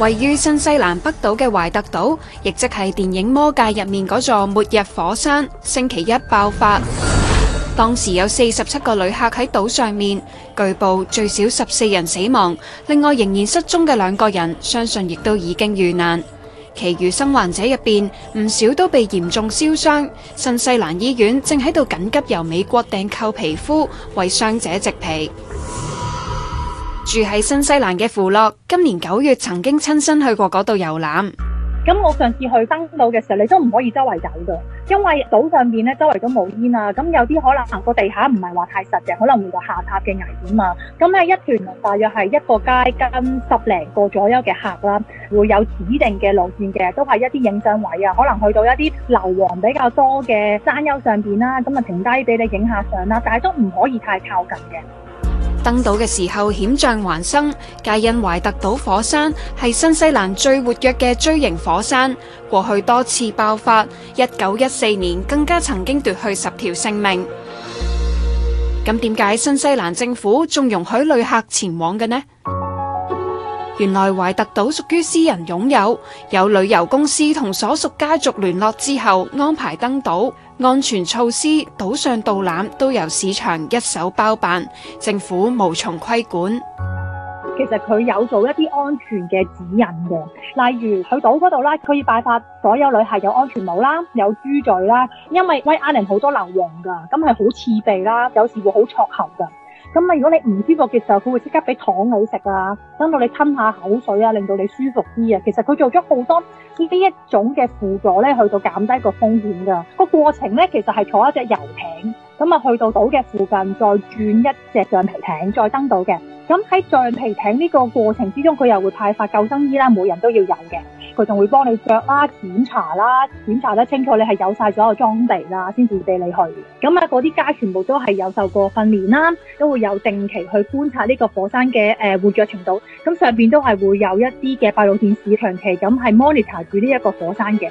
位於新西蘭北島嘅懷特島，亦即係電影《魔界》入面嗰座末日火山，星期一爆發。當時有四十七個旅客喺島上面，據報最少十四人死亡，另外仍然失蹤嘅兩個人，相信亦都已經遇難。其餘生患者入邊，唔少都被嚴重燒傷。新西蘭醫院正喺度緊急由美國訂購皮膚，為傷者植皮。住喺新西蘭嘅符樂，今年九月曾經親身去過嗰度遊覽。咁我上次去登島嘅時候，你都唔可以周圍走㗎，因為島上邊咧周圍都冇煙啊。咁有啲可能行過地下唔係話太實嘅，可能會有下塌嘅危險啊。咁啊，一團大約係一個街跟十零個左右嘅客啦，會有指定嘅路線嘅，都係一啲影相位啊，可能去到一啲硫磺比較多嘅山丘上邊啦，咁啊停低俾你影下相啦，但係都唔可以太靠近嘅。登島嘅時候險象環生，皆因懷特島火山係新西蘭最活躍嘅錐形火山，過去多次爆發，一九一四年更加曾經奪去十條性命。咁點解新西蘭政府仲容許旅客前往嘅呢？原來懷特島屬於私人擁有，有旅遊公司同所屬家族聯絡之後安排登島。安全措施、島上導覽都由市場一手包辦，政府無從規管。其實佢有做一啲安全嘅指引嘅，例如去島嗰度啦，佢要派發所有旅客有安全帽啦，有豬嘴啦，因為 White Island 好多硫磺㗎，咁係好刺鼻啦，有時候會好灼喉㗎。咁啊，如果你唔舒服嘅時候，佢會即刻俾糖你食啊，等到你吞下口水啊，令到你舒服啲啊。其實佢做咗好多呢一種嘅輔助咧，去到減低個風險㗎。個過程咧，其實係坐一隻遊艇，咁啊去到島嘅附近，再轉一隻橡皮艇，再登島嘅。咁喺橡皮艇呢個過程之中，佢又會派發救生衣啦，每人都要有嘅。佢仲會幫你著啦、檢查啦，檢查得清楚你係有晒所有裝備啦，先至俾你去。咁啊，嗰啲家全部都係有受過訓練啦，都會有定期去觀察呢個火山嘅誒活躍程度。咁上面都係會有一啲嘅閉路電視長期咁係 monitor 住呢一個火山嘅。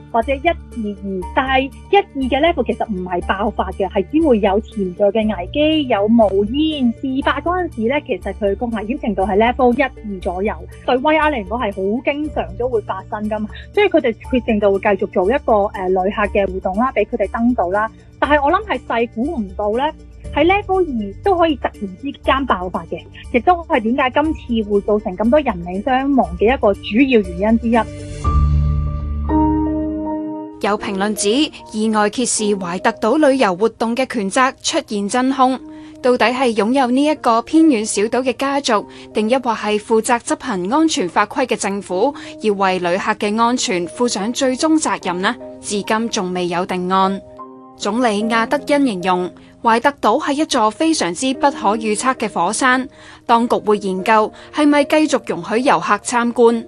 或者一二二，但係一二嘅 level 其實唔係爆發嘅，係只會有潛在嘅危機，有冒煙事發嗰陣時咧，其實佢個危險程度係 level 一二左右。對 White Island 嚟講係好經常都會發生噶嘛，所以佢哋決定就會繼續做一個誒、呃、旅客嘅活動啦，俾佢哋登島啦。但係我諗係細估唔到咧，喺 level 二都可以突然之間爆發嘅，亦都係點解今次會造成咁多人命傷亡嘅一個主要原因之一。有評論指意外揭示懷特島旅遊活動嘅權責出現真空，到底係擁有呢一個偏遠小島嘅家族，定抑或係負責執行安全法規嘅政府，要為旅客嘅安全負上最終責任呢？至今仲未有定案。總理亞德恩形容懷特島係一座非常之不可預測嘅火山，當局會研究係咪繼續容許遊客參觀。